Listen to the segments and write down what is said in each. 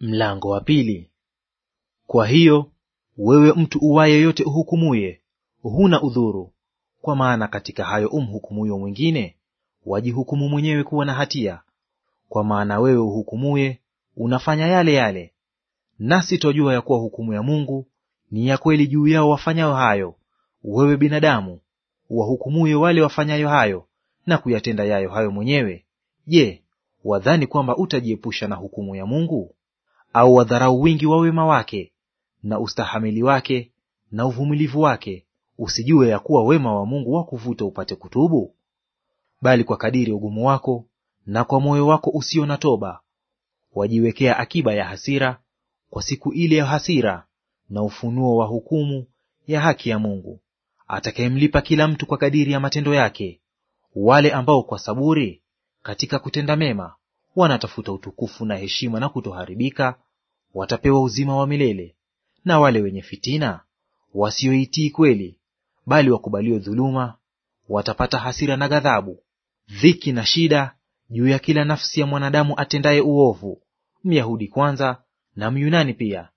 Mlango wa pili. Kwa hiyo wewe mtu uwaye yote uhukumuye, huna udhuru, kwa maana katika hayo umhukumuyo mwingine wajihukumu mwenyewe kuwa na hatia, kwa maana wewe uhukumuye unafanya yale yale. Nasi twajua ya kuwa hukumu ya Mungu ni ya kweli juu yao wafanyayo hayo. Wewe binadamu wahukumuye wale wafanyayo hayo na kuyatenda yayo hayo mwenyewe, je, wadhani kwamba utajiepusha na hukumu ya Mungu? au wadharau wingi wa wema wake na ustahamili wake na uvumilivu wake, usijue ya kuwa wema wa Mungu wakuvuta upate kutubu? Bali kwa kadiri ugumu wako na kwa moyo wako usio na toba, wajiwekea akiba ya hasira kwa siku ile ya hasira, na ufunuo wa hukumu ya haki ya Mungu, atakayemlipa kila mtu kwa kadiri ya matendo yake. Wale ambao kwa saburi katika kutenda mema wanatafuta utukufu na heshima na kutoharibika, watapewa uzima wa milele, na wale wenye fitina wasioitii kweli, bali wakubalio dhuluma, watapata hasira na ghadhabu, dhiki na shida juu ya kila nafsi ya mwanadamu atendaye uovu, Myahudi kwanza na Myunani pia,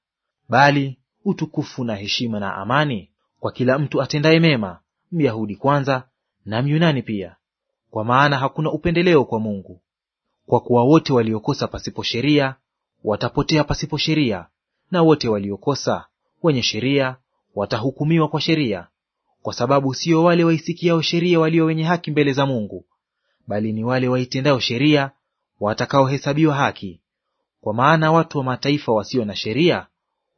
bali utukufu na heshima na amani kwa kila mtu atendaye mema, Myahudi kwanza na Myunani pia, kwa maana hakuna upendeleo kwa Mungu. Kwa kuwa wote waliokosa pasipo sheria watapotea pasipo sheria, na wote waliokosa wenye sheria watahukumiwa kwa sheria, kwa sababu sio wale waisikiao sheria walio wenye haki mbele za Mungu, bali ni wale waitendao sheria watakaohesabiwa haki. Kwa maana watu wa mataifa wasio na sheria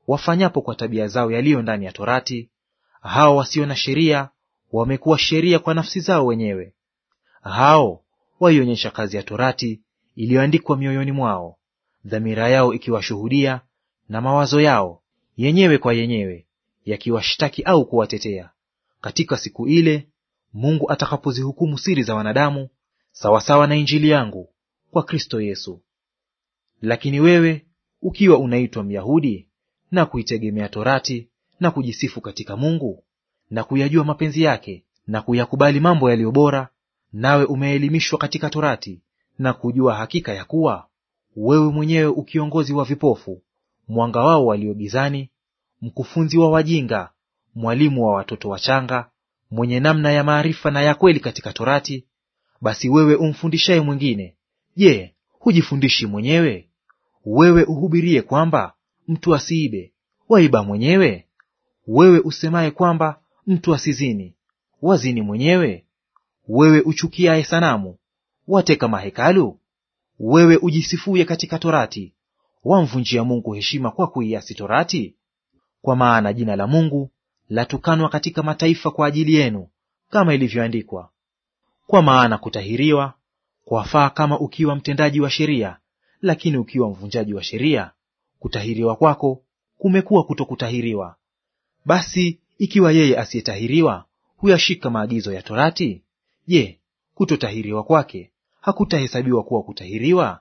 wafanyapo kwa tabia zao yaliyo ndani ya Torati, hao wasio na sheria wamekuwa sheria kwa nafsi zao wenyewe; hao waionyesha kazi ya Torati iliyoandikwa mioyoni mwao dhamira yao ikiwashuhudia na mawazo yao yenyewe kwa yenyewe yakiwashtaki au kuwatetea katika siku ile Mungu atakapozihukumu siri za wanadamu sawasawa na Injili yangu kwa Kristo Yesu. Lakini wewe ukiwa unaitwa Myahudi na kuitegemea Torati na kujisifu katika Mungu na kuyajua mapenzi yake na kuyakubali mambo yaliyo bora, nawe umeelimishwa katika Torati na kujua hakika ya kuwa wewe mwenyewe ukiongozi wa vipofu, mwanga wao waliogizani mkufunzi wa wajinga, mwalimu wa watoto wachanga, mwenye namna ya maarifa na ya kweli katika Torati, basi wewe umfundishaye mwingine, je, hujifundishi mwenyewe? Wewe uhubirie kwamba mtu asiibe, waiba mwenyewe? Wewe usemaye kwamba mtu asizini, wazini mwenyewe? Wewe uchukiaye sanamu, wateka mahekalu, wewe ujisifuye katika Torati, wamvunjia Mungu heshima kwa kuiasi Torati? Kwa maana jina la Mungu latukanwa katika mataifa kwa ajili yenu, kama ilivyoandikwa. Kwa maana kutahiriwa kwafaa kama ukiwa mtendaji wa sheria, lakini ukiwa mvunjaji wa sheria, kutahiriwa kwako kumekuwa kutokutahiriwa. Basi ikiwa yeye asiyetahiriwa huyashika maagizo ya Torati, je, kutotahiriwa kwake hakutahesabiwa kuwa kutahiriwa?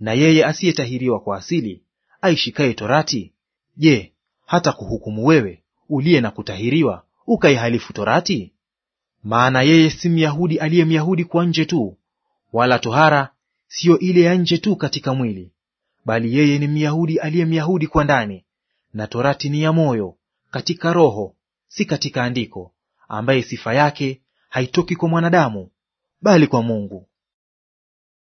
Na yeye asiyetahiriwa kwa asili aishikaye torati, je, hata kuhukumu wewe uliye na kutahiriwa ukaihalifu torati? Maana yeye si Myahudi aliye Myahudi kwa nje tu, wala tohara siyo ile ya nje tu katika mwili, bali yeye ni Myahudi aliye Myahudi kwa ndani, na torati ni ya moyo katika roho, si katika andiko, ambaye sifa yake haitoki kwa mwanadamu, bali kwa Mungu.